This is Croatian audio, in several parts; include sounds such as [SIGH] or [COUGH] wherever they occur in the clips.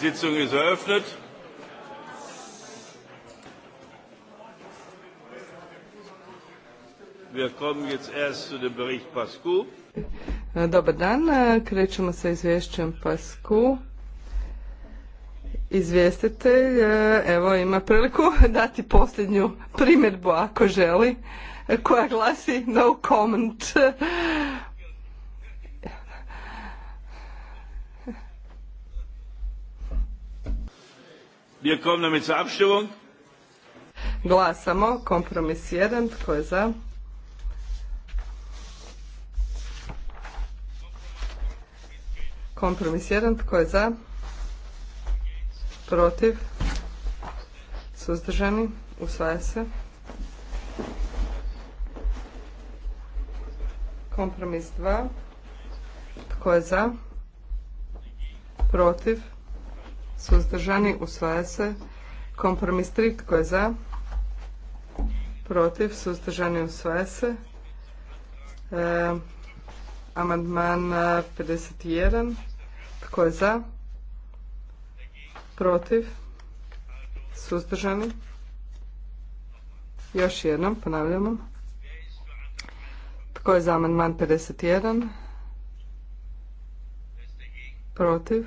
Sitzung ist eröffnet. Wir kommen jetzt erst zu dem Bericht Pascu. E, dobar dan, e, krećemo sa izvješćem Pascu. Izvjestitelj, e, evo ima priliku [LAUGHS] dati posljednju primjerbu, ako želi, koja glasi no comment [LAUGHS] Wir kommen damit zur Abstimmung. Glasamo. Kompromis 1. Tko je za? Kompromis 1. Tko je za? Protiv? Suzdržani? Usvaja se. Kompromis 2. Tko je za? Protiv? suzdržani, usvaja se. Kompromis tri, tko je za? Protiv, suzdržani, usvaja se. E, amandman 51, e, tko je za? Protiv, suzdržani. Još jednom, ponavljamo. Tko je za amandman 51? Protiv?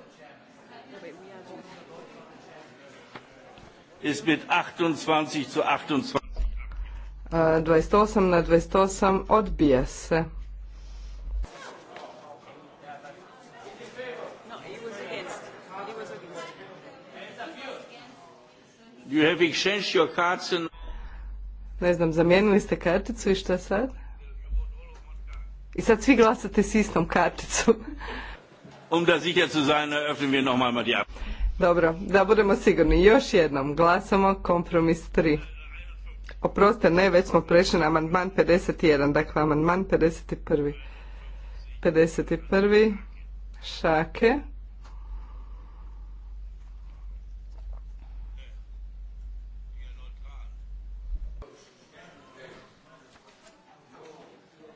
ist mit 28 zu 28. 28 e, na 28 odbija se. You have exchanged your cards and... Ne znam, zamijenili ste karticu i šta sad? I sad svi glasate s istom karticom. um da sicher zu sein, eröffnen wir nochmal mal die Abstimmung. Dobro, da budemo sigurni. Još jednom glasamo kompromis 3. Oproste, ne, već smo prešli na amandman 51. Dakle, amandman 51. 51. Šake.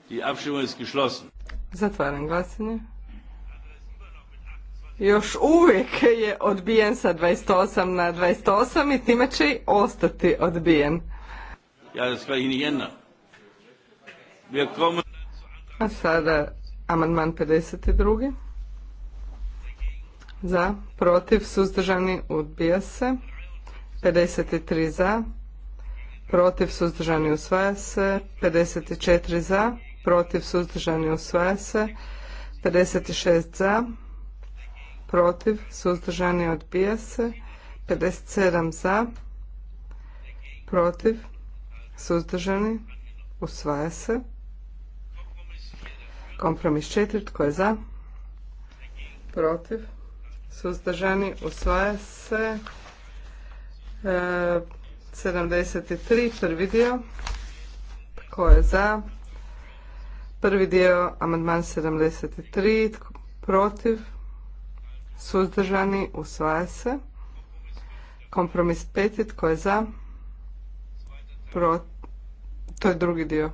Die Abstimmung ist geschlossen. Zatvaram glasanje još uvijek je odbijen sa 28 na 28 i time će i ostati odbijen. Ja, sve A sada amandman 52. Za, protiv, suzdržani, odbija se. 53 za, protiv, suzdržani, usvaja se. 54 za, protiv, suzdržani, usvaja se. 56 za, protiv, suzdržani odbija se. 57 za, protiv, suzdržani, usvaja se. Kompromis četiri tko je za? Protiv, suzdržani, usvaja se. 73, e, prvi dio, tko je za? Prvi dio, amandman 73, tko, protiv, suzdržani, usvaja se. Kompromis peti Tko je za? Pro... To je drugi dio.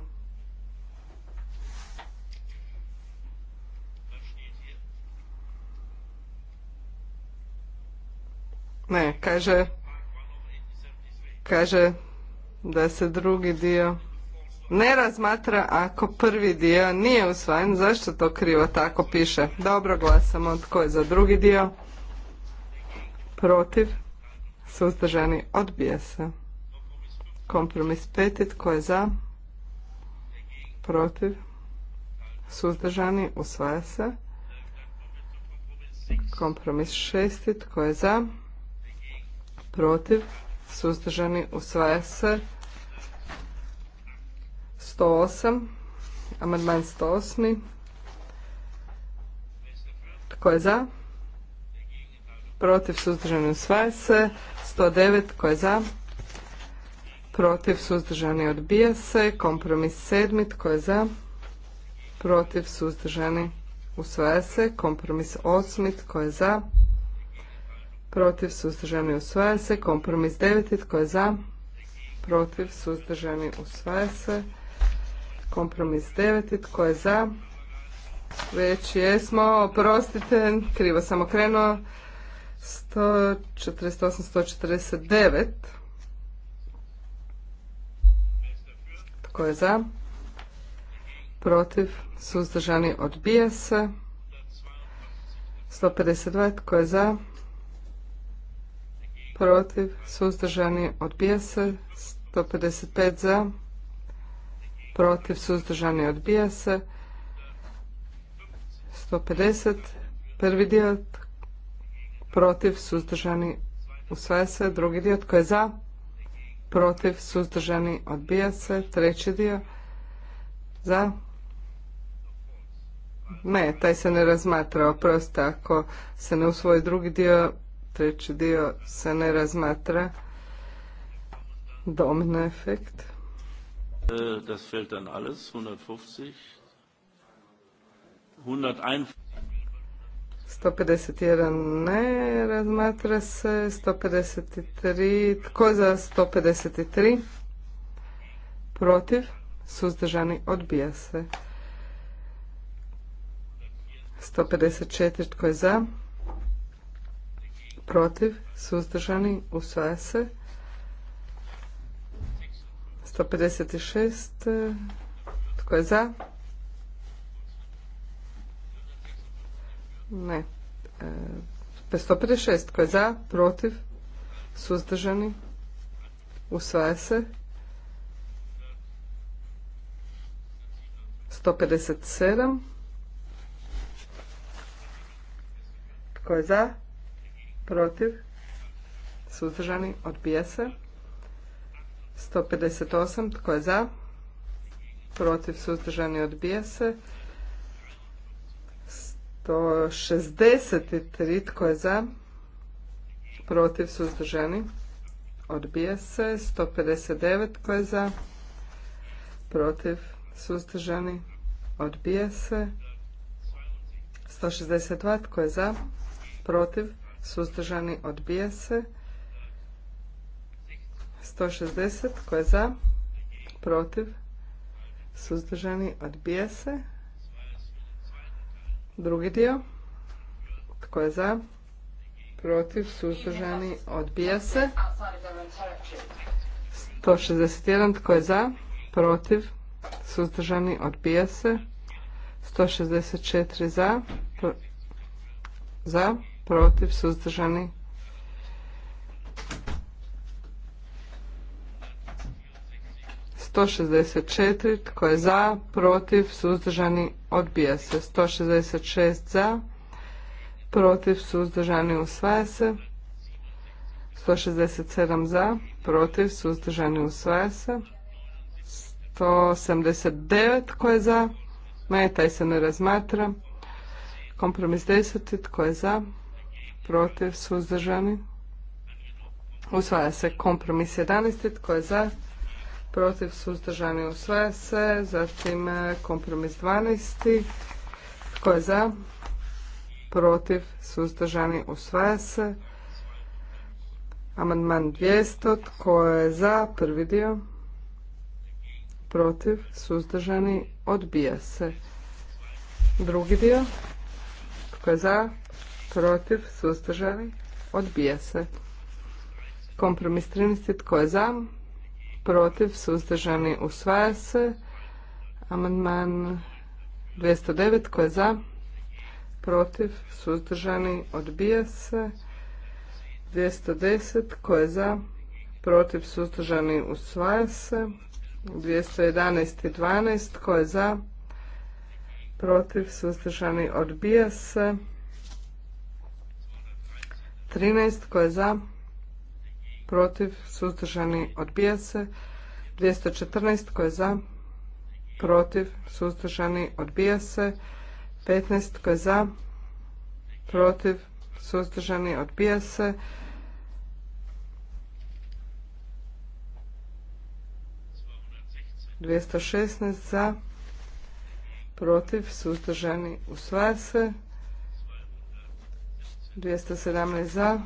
Ne, kaže, kaže da se drugi dio ne razmatra ako prvi dio nije usvojen. Zašto to krivo tako piše? Dobro glasamo. Tko je za drugi dio? Protiv? Suzdržani? Odbije se. Kompromis peti. Tko je za? Protiv? Suzdržani? Usvaja se. Kompromis šesti. Tko je za? Protiv? Suzdržani? Usvaja se. 108. Amandman 108. Tko je za? Protiv suzdržani usvaja se. 109. Tko je za? Protiv suzdržani odbija se. Kompromis 7. Tko je za? Protiv suzdržani usvaja se. Kompromis 8. Tko je za? Protiv suzdržani usvaja se. Kompromis 9. Tko je za? Protiv suzdržani usvaja se. Kompromis 9. Tko je za? Već jesmo. Oprostite, krivo sam okrenuo. 148, 149. Tko je za? Protiv? Suzdržani odbija se. 152. Tko je za? Protiv? Suzdržani odbija se. 155 za protiv, suzdržani, odbija se. 150, prvi dio, protiv, suzdržani, usvaja se. Drugi dio, tko je za, protiv, suzdržani, odbija se. Treći dio, za, ne, taj se ne razmatra, oprosti, ako se ne usvoji drugi dio, treći dio se ne razmatra. Domino efekt. Äh, das fällt dann alles, 150. 151. ne, razmatra se. 153, tko za 153? Protiv, suzdržani, odbija se. 154, tko je za? Protiv, suzdržani, usvaja se. 156. Tko je za? Ne. 156. E, Tko je za? Protiv? Suzdržani? Usvaja se. 157. Tko je za? Protiv? Suzdržani? Odbija se. 158. Tko je za? Protiv suzdržani odbija se. 163. Tko je za? Protiv suzdržani odbija se. 159. Tko je za? Protiv suzdržani odbija se. 162. Tko je za? Protiv suzdržani odbija se. 160. Tko je za? Protiv? Suzdržani? Odbija se. Drugi dio. Tko je za? Protiv? Suzdržani? Odbija se. 161. Tko je za? Protiv? Suzdržani? Odbija se. 164 za. za? Protiv? Suzdržani? 164. Tko je za? Protiv? Suzdržani? Odbija se. 166 za. Protiv? Suzdržani? Usvaja se. 167 za. Protiv? Suzdržani? Usvaja se. 179. Tko je za? Ne, taj se ne razmatra. Kompromis 10. Tko je za? Protiv? Suzdržani? Usvaja se kompromis 11. Tko je za? protiv, suzdržani, usvaja se. Zatim e, kompromis 12. Tko je za? Protiv, suzdržani, usvaja se. Amandman 200. Tko je za? Prvi dio. Protiv, suzdržani, odbija se. Drugi dio. Tko je za? Protiv, suzdržani, odbija se. Kompromis 13. Tko je za? protiv, suzdržani, usvaja se. Amandman 209 tko je za, protiv, suzdržani, odbija se. 210 tko je za, protiv, suzdržani, usvaja se. 211 i 12 tko je za, protiv, suzdržani, odbija se. 13 tko je za, protiv, suzdržani, odbija se. 214 koje za, protiv, suzdržani, odbija se. 15 koje za, protiv, suzdržani, odbija se. 216, za, protiv, suzdržani, usvaja se. 217 za,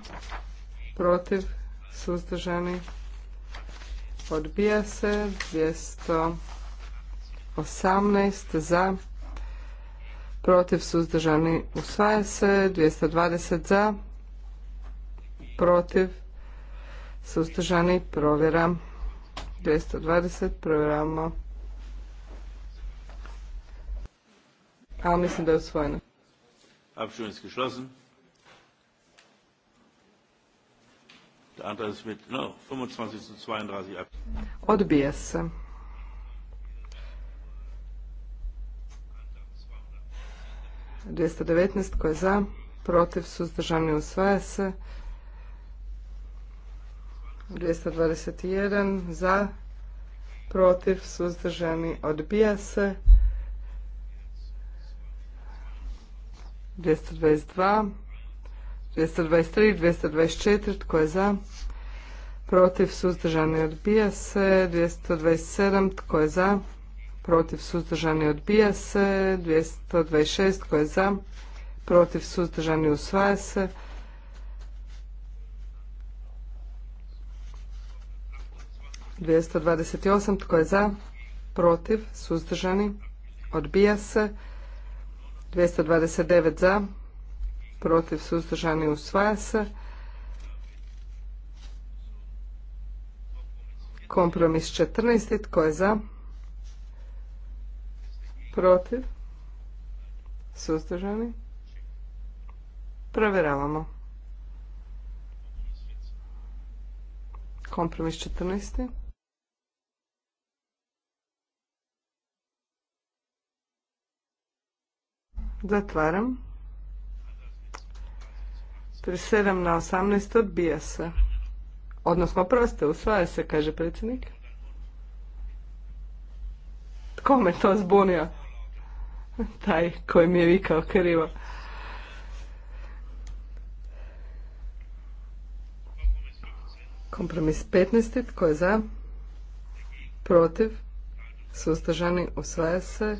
protiv, suzdržani, odbija se, 218 za, protiv, suzdržani, usvaja se, 220 za, protiv, suzdržani, provjera, 220, provjeramo. Ali mislim da je usvojeno. Abstimmung ist geschlossen. Odbija se. 219 koji je za, protiv, suzdržani, usvaja se. 221 za, protiv, suzdržani, odbija se. 222 223, 224, tko je za? Protiv, suzdržani, odbija se. 227, tko je za? Protiv, suzdržani, odbija se. 226, tko je za? Protiv, suzdržani, usvaja se. 228, dvadeset tko je za protiv suzdržani odbija se 229 za protiv, suzdržani, usvaja se. Kompromis 14. Tko je za? Protiv? Suzdržani? Provjeravamo. Kompromis 14. Zatvaram. 37 na 18 odbija se. Odnosno, proste, usvaja se, kaže predsjednik. Tko me to zbunio? Taj koji mi je vikao krivo. Kompromis 15. Tko je za? Protiv? Sustažani usvaja se.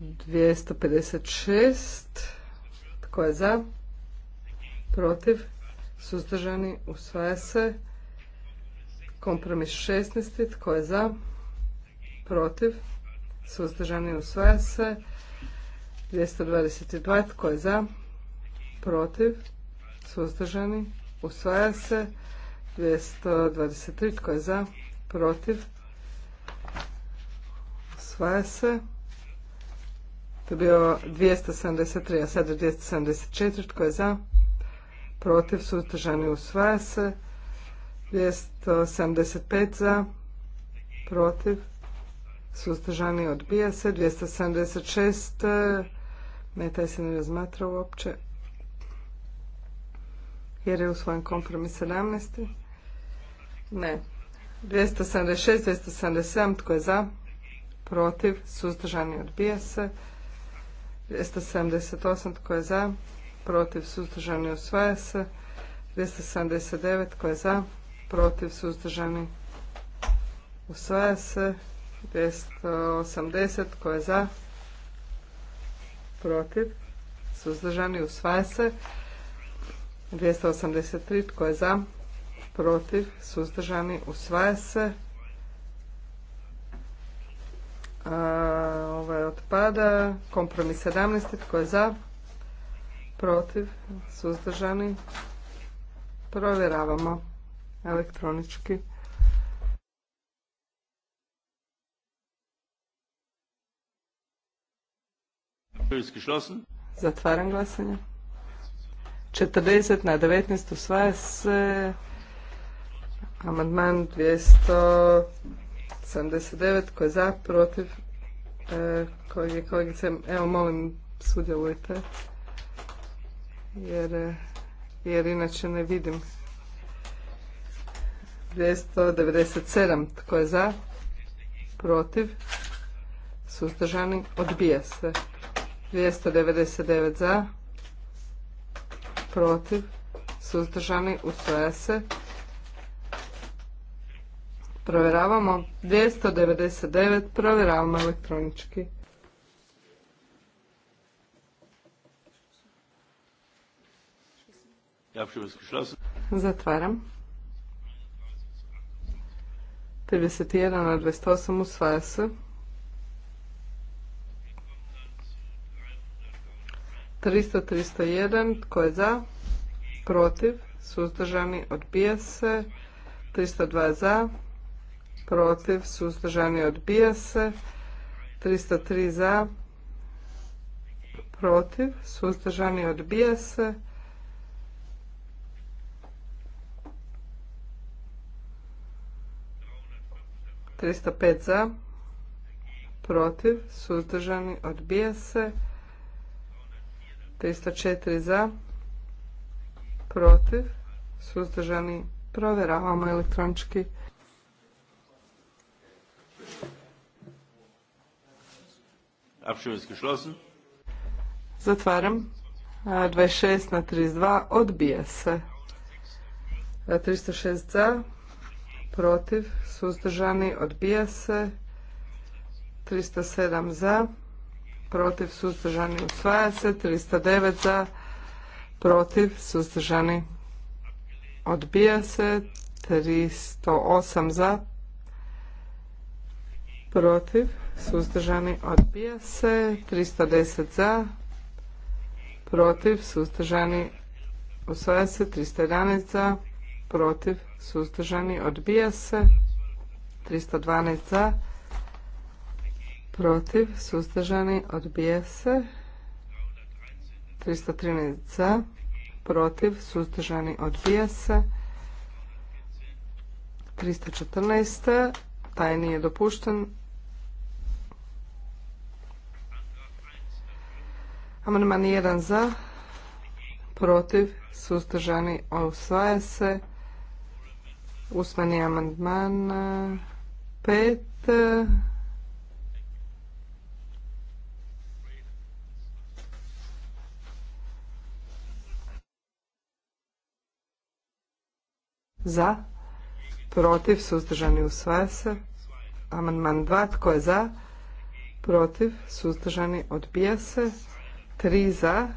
256. Tko je za? Protiv? Suzdržani? Usvaja se. Kompromis 16. Tko je za? Protiv? Suzdržani? Usvaja se. 222. Tko je za? Protiv? Suzdržani? Usvaja se. 223. Tko je za? Protiv? Usvaja se. To je bio 273, a sad je 274. Tko je za? Protiv, suzdržani, usvaja se. 275 za, protiv, suzdržani, odbija se. 276, ne, taj se ne razmatra uopće, jer je usvojen kompromis 17. Ne. 276, 277, tko je za? Protiv, suzdržani, odbija se. 278 tko je za, protiv suzdržani usvaja se. 279 tko je za, protiv suzdržani usvaja se. 280 tko je za, protiv suzdržani usvaja se. 283 tko je za, protiv suzdržani usvaja se ovaj otpada. Kompromis 17. Tko je za? Protiv? Suzdržani? Provjeravamo elektronički. Zatvaram glasanje. 40 na 19 usvaja se. Amandman 200 79 tko je za, protiv, e, je i kolegice, evo molim sudjelujte jer, e, jer inače ne vidim. 297 tko je za, protiv, suzdržani, odbija se. 299 za, protiv, suzdržani, usvaja se. Provjeravamo. 299. Provjeravamo elektronički. Zatvaram. 31 na 28 usvaja se. 300, 301, tko je za? Protiv, suzdržani, odbija se. 302 za, protiv, suzdržani odbija se. 303 za, protiv, suzdržani odbija se. Tristo pet za, protiv, suzdržani, odbija se. 304 za, protiv, suzdržani, provjeravamo elektronički. Zatvaram. 26 na 32 odbija se. 306 za, protiv, suzdržani, odbija se. 307 za, protiv, suzdržani, usvaja se. 309 za, protiv, suzdržani, odbija se. 308 za, protiv, suzdržani, odbija se. 310 za, protiv, suzdržani, osvaja se. 311 za, protiv, suzdržani, odbija se. 312 za, protiv, suzdržani, odbija se. 313 za, protiv, suzdržani, odbija se. 314. Taj nije dopušten. Amandman 1 za, protiv, suzdržani, osvaja se. Usmeni amandman 5. E, za, protiv, suzdržani, usvaja se. Amandman 2, tko je za, protiv, suzdržani, odbija se. 3 za,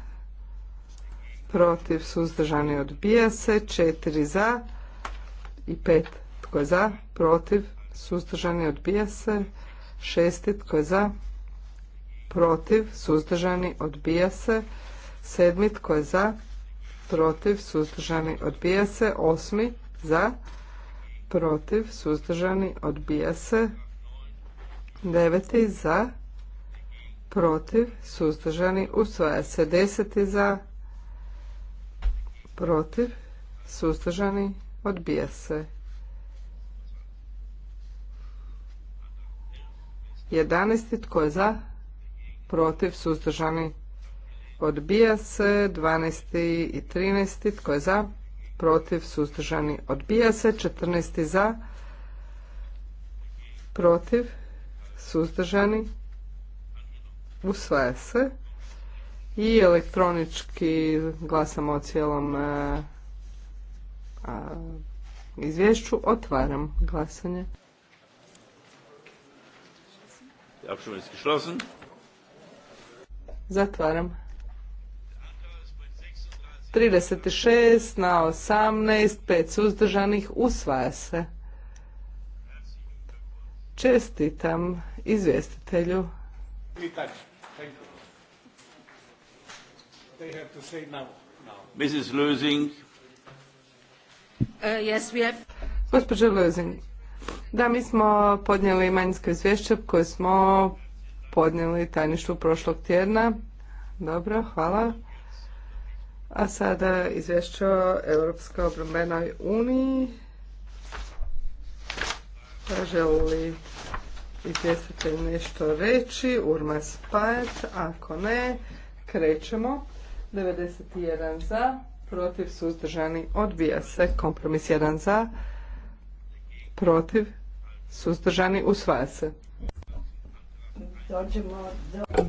protiv, suzdržani, odbija se. 4 za i 5 tko je za, protiv, suzdržani, odbija se. 6 tko je za, protiv, suzdržani, odbija se. 7 tko je za, protiv, suzdržani, odbija se. 8 za, protiv, suzdržani, odbija se. 9 za, protiv, suzdržani, usvaja se. 10 za, protiv, suzdržani, odbija se. 11. Tko je za? Protiv, suzdržani, odbija se. 12. i 13. Tko je za? Protiv, suzdržani, odbija se. 14. za, protiv, suzdržani, usvaja se i elektronički glasamo o cijelom e, a, izvješću. Otvaram glasanje. Zatvaram. 36 na 18, 5 suzdržanih, usvaja se. Čestitam izvjestitelju. tako. They have to say now. Mrs. Uh, yes, we have... Gospođo Lösing, da, mi smo podnijeli manjinsko izvješće koje smo podnijeli tajništvu prošlog tjedna. Dobro, hvala. A sada izvješće o Europskoj obrambenoj uniji. Želi li izvjestitelj nešto reći? Urma Spajac, ako ne, krećemo. 91 za, protiv suzdržani odbija se. Kompromis 1 za, protiv suzdržani usvaja se. Dođemo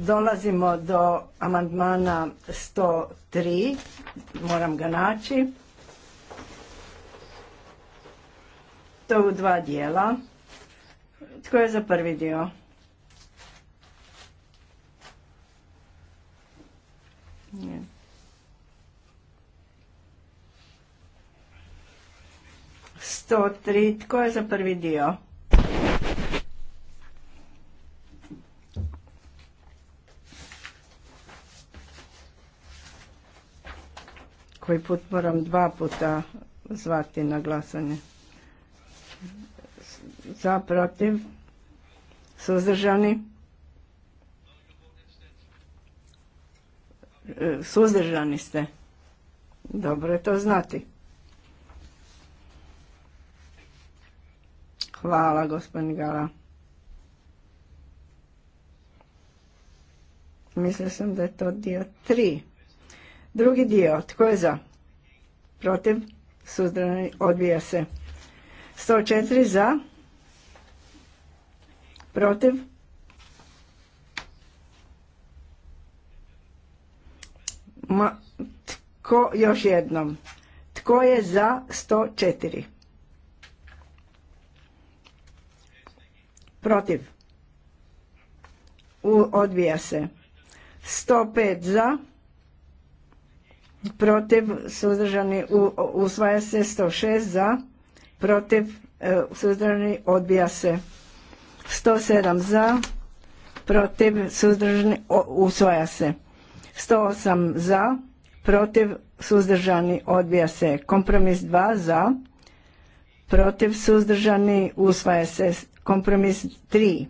dolazimo do amandmana 103, moram ga naći. To je u dva dijela. Tko je za prvi dio? Sto tri. Tko je za prvi dio? Koji put moram dva puta zvati na glasanje za, protiv, suzdržani, e, suzdržani ste. Dobro je to znati. Hvala, gospodin Gala. Mislio sam da je to dio tri. Drugi dio, tko je za? Protiv? Suzdržani, odbija se. 104 za, Protiv? Ma, tko još jednom? Tko je za 104? Protiv? U, odbija se. 105 za. Protiv suzdržani u, usvaja se 106 za. Protiv e, suzdržani odbija se. 107 za, protiv, suzdržani, usvaja se. 108 za, protiv, suzdržani, odbija se. Kompromis 2 za, protiv, suzdržani, usvaja se. Kompromis 3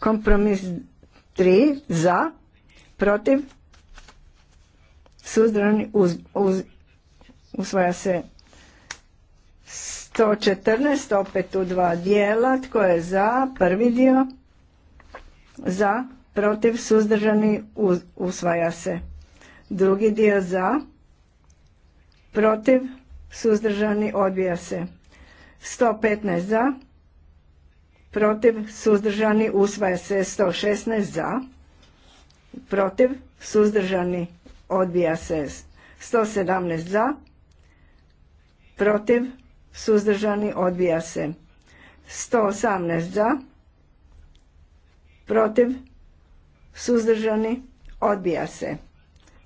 Kompromis 3 za, protiv, suzdržani uz, usvaja se 114, opet u dva dijela, tko je za, prvi dio, za, protiv, suzdržani, usvaja se. Drugi dio za, protiv, suzdržani, odbija se. 115 za, protiv, suzdržani, usvaja se 116 za, protiv, suzdržani, odbija se 117 za, protiv, suzdržani, odbija se 118 za, protiv, suzdržani, odbija se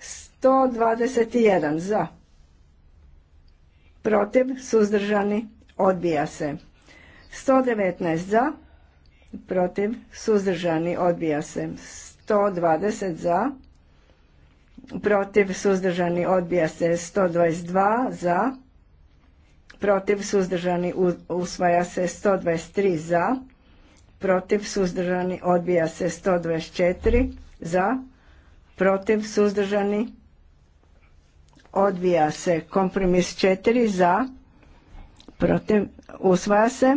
121 za, protiv, suzdržani, odbija se 119 za, protiv, suzdržani, odbija se. 120 za, protiv, suzdržani, odbija se. 122 za, protiv, suzdržani, usvaja se. 123 za, protiv, suzdržani, odbija se. 124 za, protiv, suzdržani, odbija se. Kompromis 4 za, protiv, usvaja se.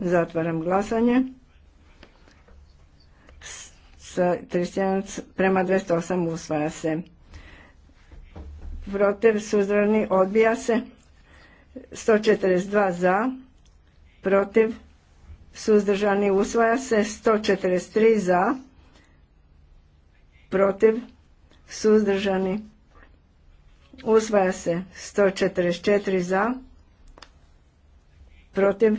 Zatvaram glasanje. Sa prema 208 usvaja se. Protiv suzdržani odbija se. 142 za. Protiv suzdržani usvaja se. 143 za. Protiv suzdržani usvaja se. 144 za. Protiv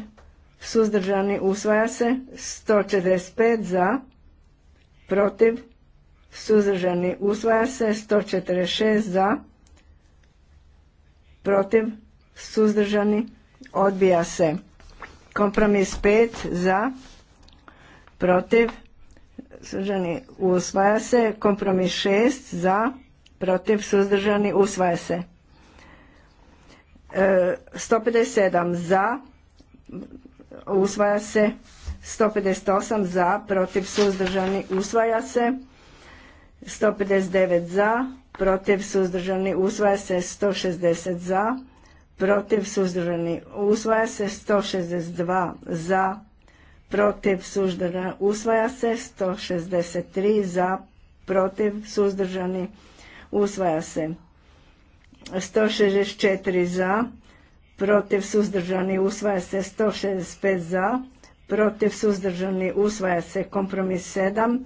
suzdržani usvaja se 145 za protiv suzdržani usvaja se 146 za protiv suzdržani odbija se kompromis 5 za protiv suzdržani usvaja se kompromis 6 za protiv suzdržani usvaja se 157 e, za usvaja se 158 za, protiv suzdržani usvaja se 159 za, protiv suzdržani usvaja se 160 za, protiv suzdržani usvaja se 162 za, protiv suzdržani usvaja se 163 za, protiv suzdržani usvaja se 164 za, protiv suzdržani usvaja se 165 za, protiv suzdržani usvaja se kompromis 7,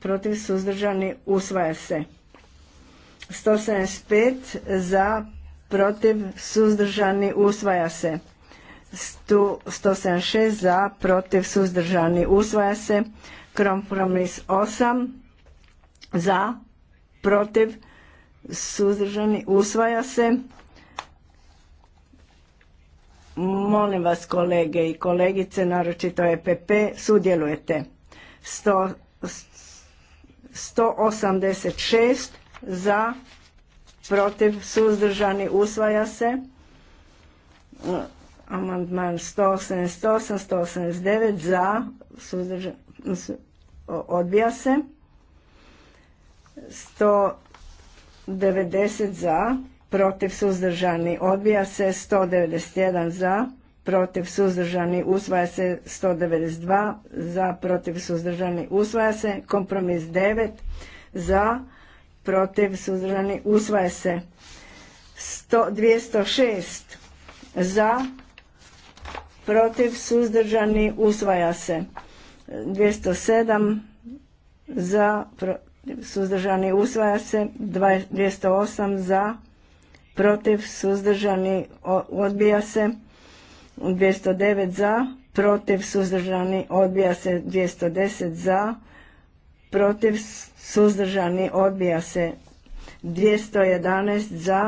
protiv suzdržani usvaja se 175 za, protiv suzdržani usvaja se 176 za, protiv suzdržani usvaja se kompromis 8 za, protiv suzdržani usvaja se Molim vas kolege i kolegice, naročito EPP, sudjelujete. 186 za, protiv, suzdržani, usvaja se. Amandman 188, 189 za, odbija se. 190 za, protiv suzdržani odbija se 191 za protiv suzdržani usvaja se 192 za protiv suzdržani usvaja se kompromis 9 za protiv suzdržani usvaja se 100, 206 za protiv suzdržani usvaja se 207 za protiv suzdržani usvaja se 208 za protiv, suzdržani, odbija se. 209 za, protiv, suzdržani, odbija se. 210 za, protiv, suzdržani, odbija se. 211 za,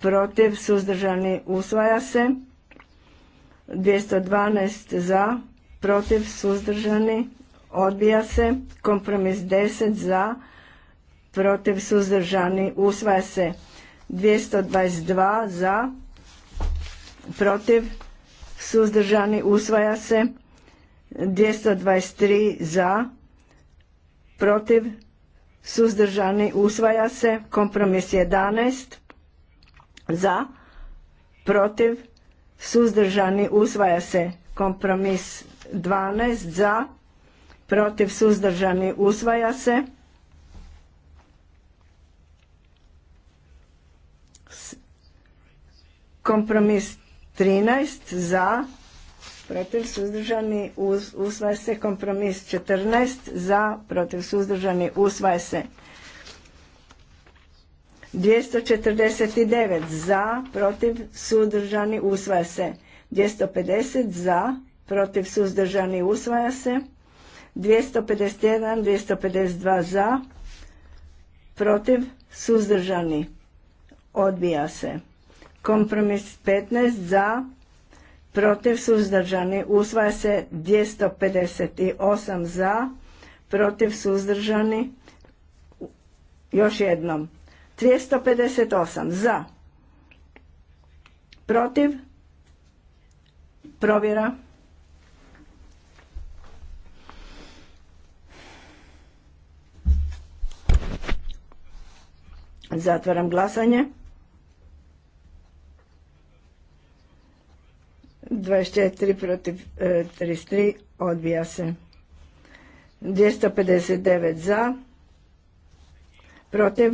protiv, suzdržani, usvaja se. 212 za, protiv, suzdržani, odbija se. Kompromis 10 za, protiv, suzdržani, usvaja se. 222 za, protiv, suzdržani, usvaja se. 223 za, protiv, suzdržani, usvaja se. Kompromis 11 za, protiv, suzdržani, usvaja se. Kompromis 12 za, protiv, suzdržani, usvaja se. Kompromis 13 za, protiv suzdržani, uz, usvaja se. Kompromis 14 za, protiv suzdržani, usvaja se. 249 za, protiv suzdržani, usvaja se. 250 za, protiv suzdržani, usvaja se. 251, 252 za, protiv suzdržani, odbija se. Kompromis 15 za, protiv suzdržani. Usvaja se 258 za, protiv suzdržani. Još jednom. 358 za, protiv, provjera. Zatvaram glasanje. 24 protiv e, 33 odbija se. 259 za, protiv,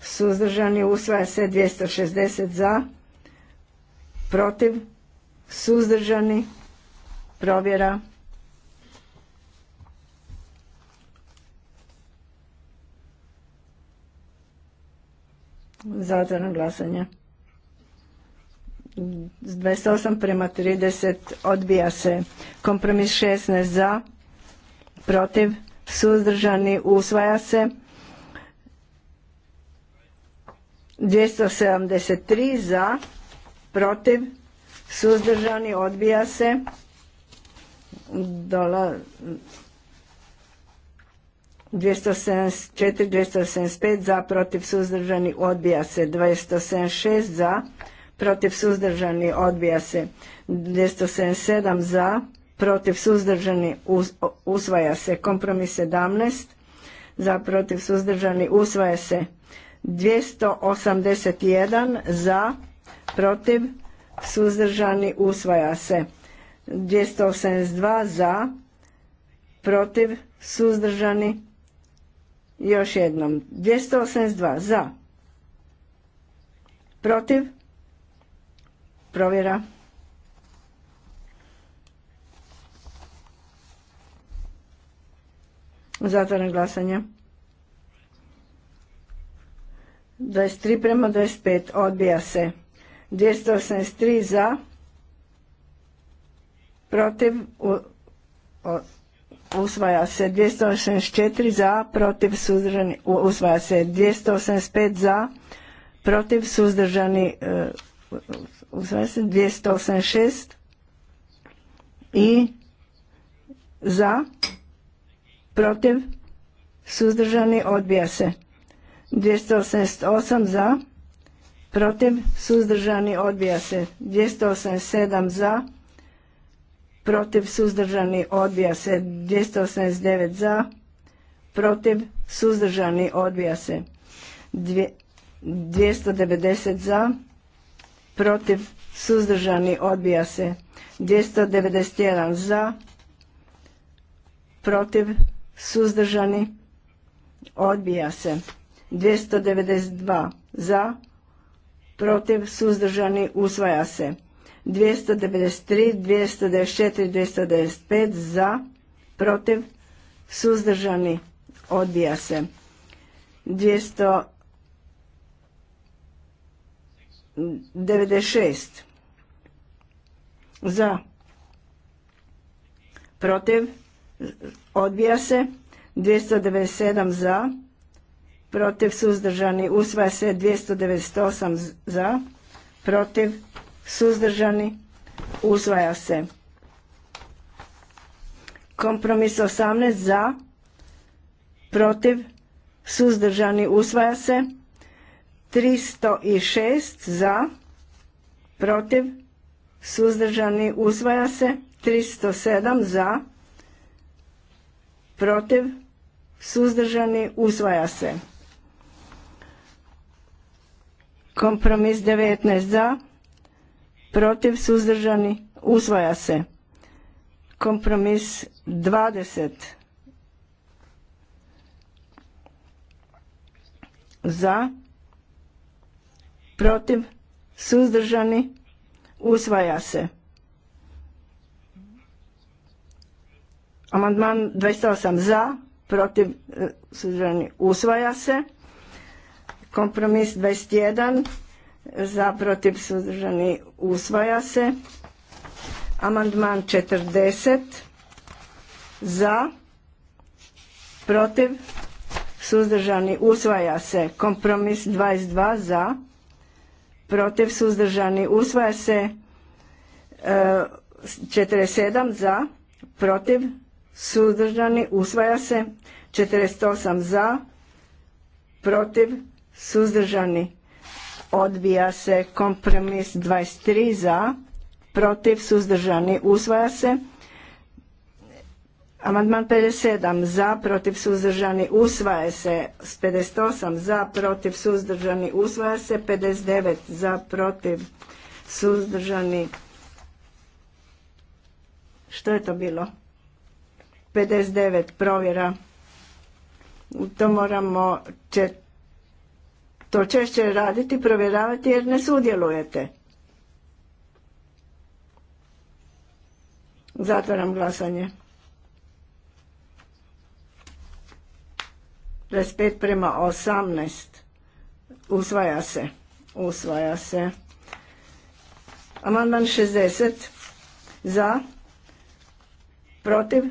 suzdržani usvaja se 260 za, protiv, suzdržani, provjera. Zatvarno glasanje. 28 prema 30 odbija se. Kompromis 16 za, protiv, suzdržani, usvaja se. 273 za, protiv, suzdržani, odbija se. Dola... 274, 275 za, protiv, suzdržani, odbija se. 276 za, protiv suzdržani odbija se 277 za protiv suzdržani usvaja se kompromis 17 za protiv suzdržani usvaja se 281 za protiv suzdržani usvaja se 282 za protiv suzdržani još jednom 282 za protiv Provjera. Zatvaram glasanje. 23 prema 25. Odbija se. 283 za. Protiv. usvaja se 284 za, protiv suzdržani, usvaja se 285 za, protiv suzdržani, e, 286 i za protiv suzdržani odbija se 288 za protiv suzdržani odbija se 287 za protiv suzdržani odbija se 289 za protiv suzdržani odbija se 290 za protiv, suzdržani, odbija se. 291 za, protiv, suzdržani, odbija se. 292 za, protiv, suzdržani, usvaja se. 293, 294, 295 za, protiv, suzdržani, odbija se. 200 96 za protiv odbija se 297 za protiv suzdržani usvaja se 298 za protiv suzdržani usvaja se kompromis 18 za protiv suzdržani usvaja se 306 za, protiv, suzdržani uzvaja se, 307 za, protiv, suzdržani uzvaja se. Kompromis 19 za, protiv, suzdržani uzvaja se. Kompromis 20 za, protiv, suzdržani, usvaja se. Amandman 208 e, za, protiv, suzdržani, usvaja se. Kompromis 21 za, protiv, suzdržani, usvaja se. Amandman 40 za, protiv, suzdržani, usvaja se. Kompromis 22 za, protiv suzdržani usvaja se 47 e, za protiv suzdržani usvaja se 48 za protiv suzdržani odbija se kompromis 23 za protiv suzdržani usvaja se Amandman 57 za, protiv suzdržani usvaja se. 58 za, protiv suzdržani usvaja se. 59 za, protiv suzdržani. Što je to bilo? 59 provjera. To moramo to češće raditi, provjeravati jer ne sudjelujete. Zatvaram glasanje. 25 prema 18. Usvaja se. Usvaja se. Amandman 60. Za. Protiv.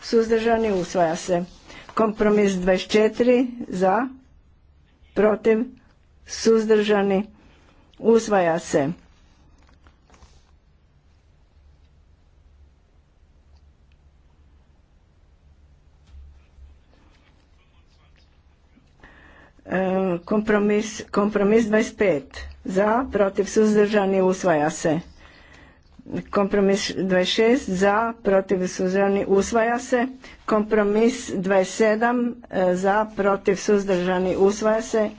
Suzdržani. Usvaja se. Kompromis 24. Za. Protiv. Suzdržani. Usvaja se. E, kompromis, 25. Za, protiv, suzdržani, usvaja se. Kompromis 26. Za, protiv, suzdržani, usvaja se. Kompromis 27. E, za, protiv, suzdržani, usvaja se.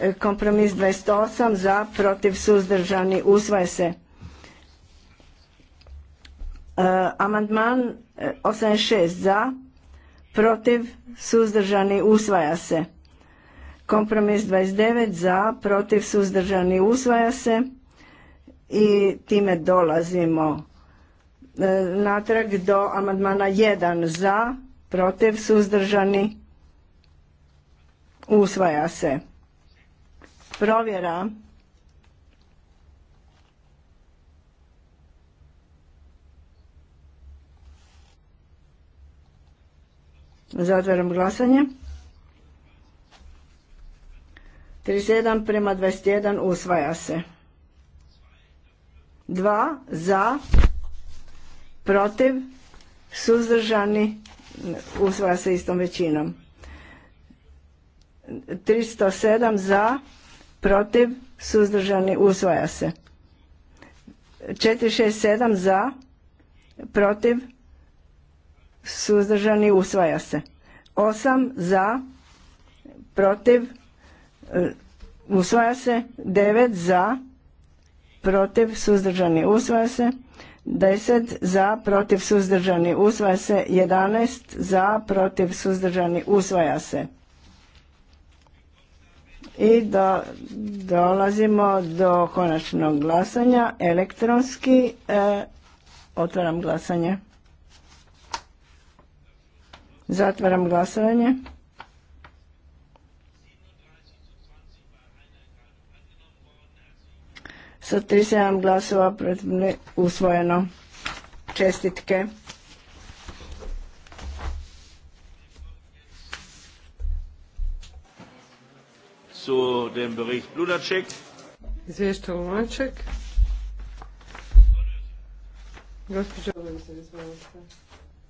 E, kompromis 28. Za, protiv, suzdržani, usvaja se. Amandman 86. Za, protiv, suzdržani, usvaja se. Kompromis 29 za, protiv suzdržani usvaja se i time dolazimo e, natrag do amandmana 1 za, protiv suzdržani usvaja se. Provjera. Zatvaram glasanje. 37 prema 21 usvaja se. 2 za, protiv, suzdržani, usvaja se istom većinom. 307 za, protiv, suzdržani, usvaja se. 467 za, protiv, suzdržani, usvaja se. 8 za, protiv, E, usvaja se 9 za protiv suzdržani usvaja se 10 za protiv suzdržani usvaja se 11 za protiv suzdržani usvaja se i dolazimo do konačnog glasanja elektronski e, otvaram glasanje zatvaram glasovanje Sa 37 glasova protiv ne usvojeno. Čestitke. Zu dem Bericht Lunacek. Izvješte Lunacek. Gospođo Lunacek, izvolite.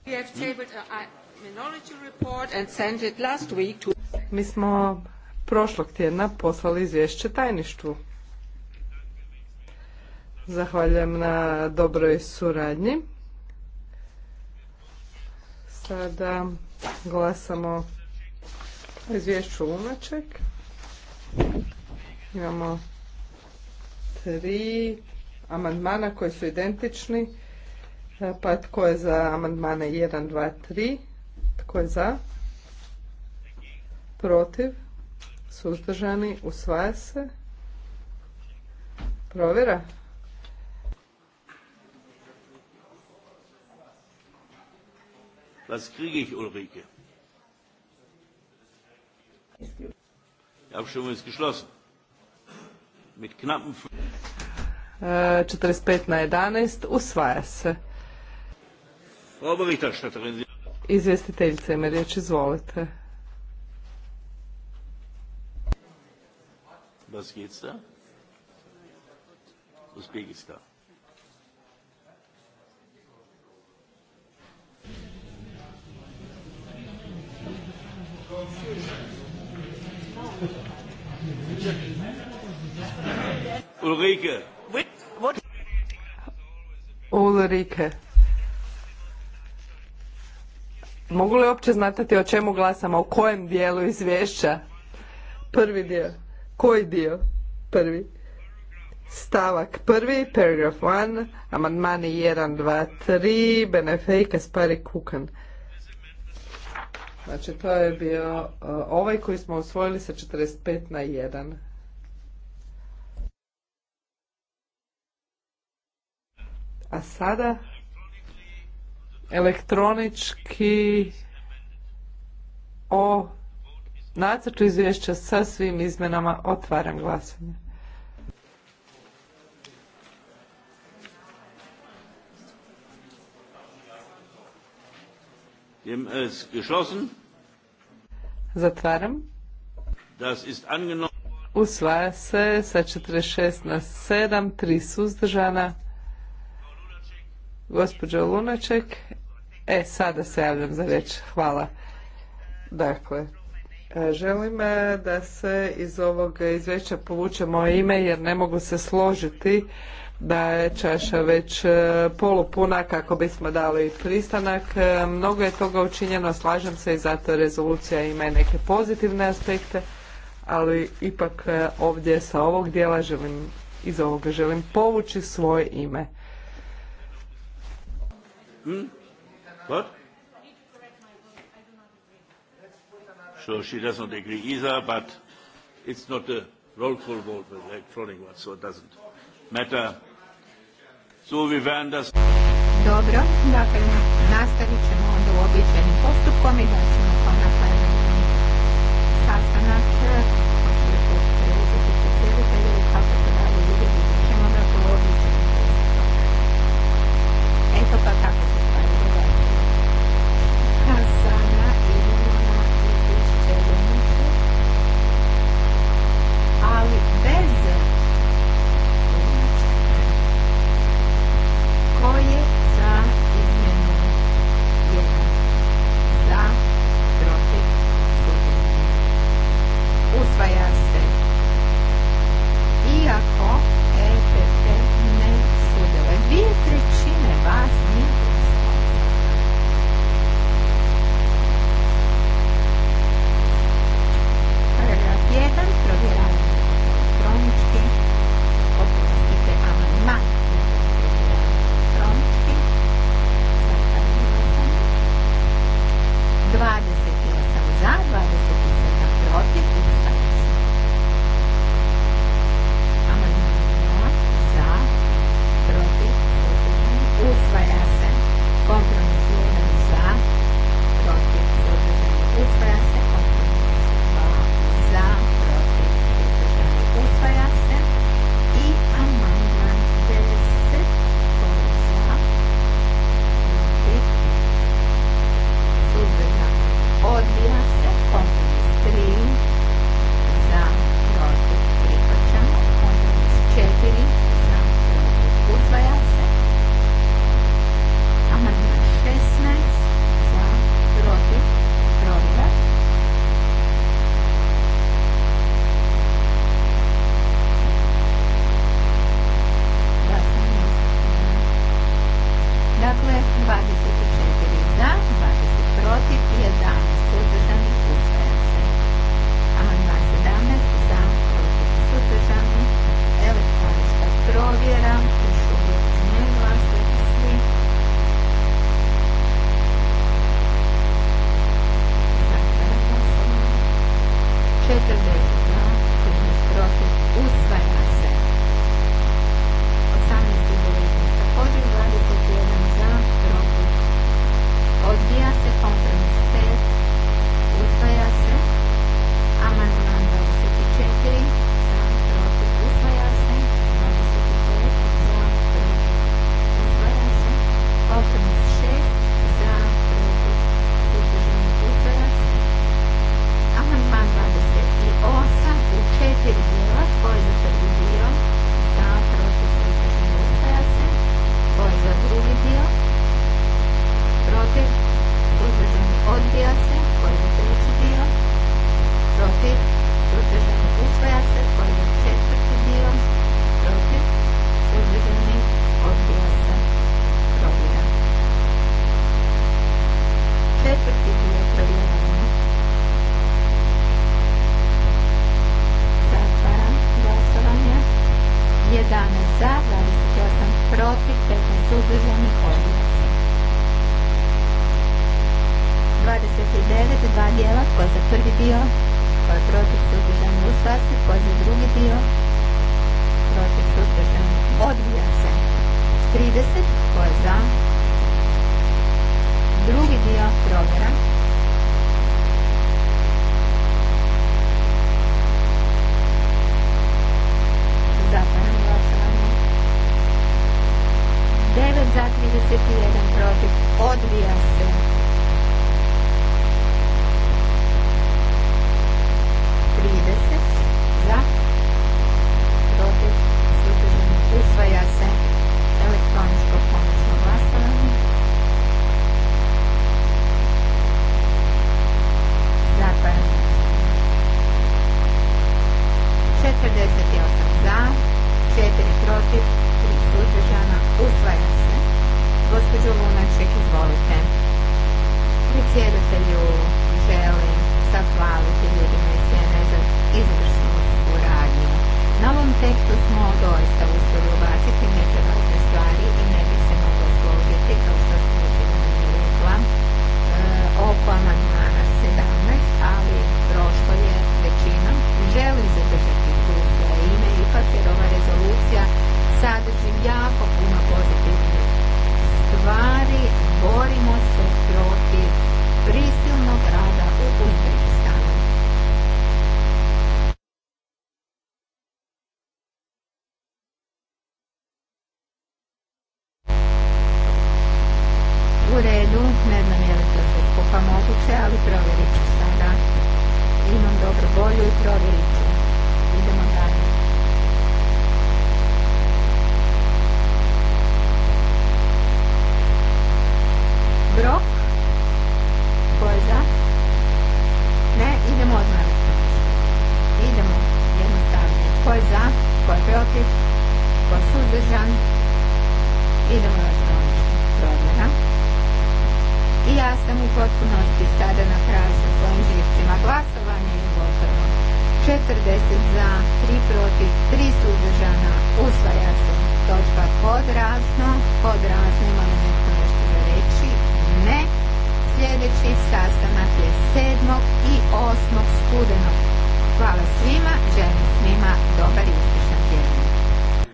We have tabled a minority report and sent it last week to... Mi smo prošlog tjedna poslali izvješće tajništvu. Zahvaljujem na dobroj suradnji. Sada glasamo izvješću Umaček. Imamo tri amandmana koji su identični. Pa tko je za amandmane 1, 2, 3? Tko je za? Protiv? Suzdržani? Usvaja se? Provjera? Was kriege ich, Ulrike? Die Abstimmung ist geschlossen. Mit knappen... 45 e, na 11 usvaja se. Izvjestiteljice ima riječ, izvolite. Was geht's da? Usbekistan. Ulrike. Ulrike. Mogu li uopće znatati o čemu glasamo? O kojem dijelu izvješća? Prvi dio. Koji dio? Prvi. Stavak prvi, paragraf 1, amandmani 1, 2, 3, Benefejka, Spari, Kukan. Znači to je bio e, ovaj koji smo osvojili sa 45 na 1. A sada elektronički o nacrtu izvješća sa svim izmenama otvaram glasanje. Zatvaram. Usvaja se sa 46 na 7, 3 suzdržana. Gospođo Lunaček, e sada se javljam za reč. Hvala. Dakle, e, želim e, da se iz ovog izveća povuče moje ime jer ne mogu se složiti da je čaša već e, polupuna kako bismo dali pristanak. E, mnogo je toga učinjeno, slažem se i zato rezolucija ima i neke pozitivne aspekte, ali ipak e, ovdje sa ovog dijela želim, iz ovoga želim povući svoje ime. Hmm? So, wir werden das... Dobro, dakle, nastavit ćemo onda običajnim postupkom i da ćemo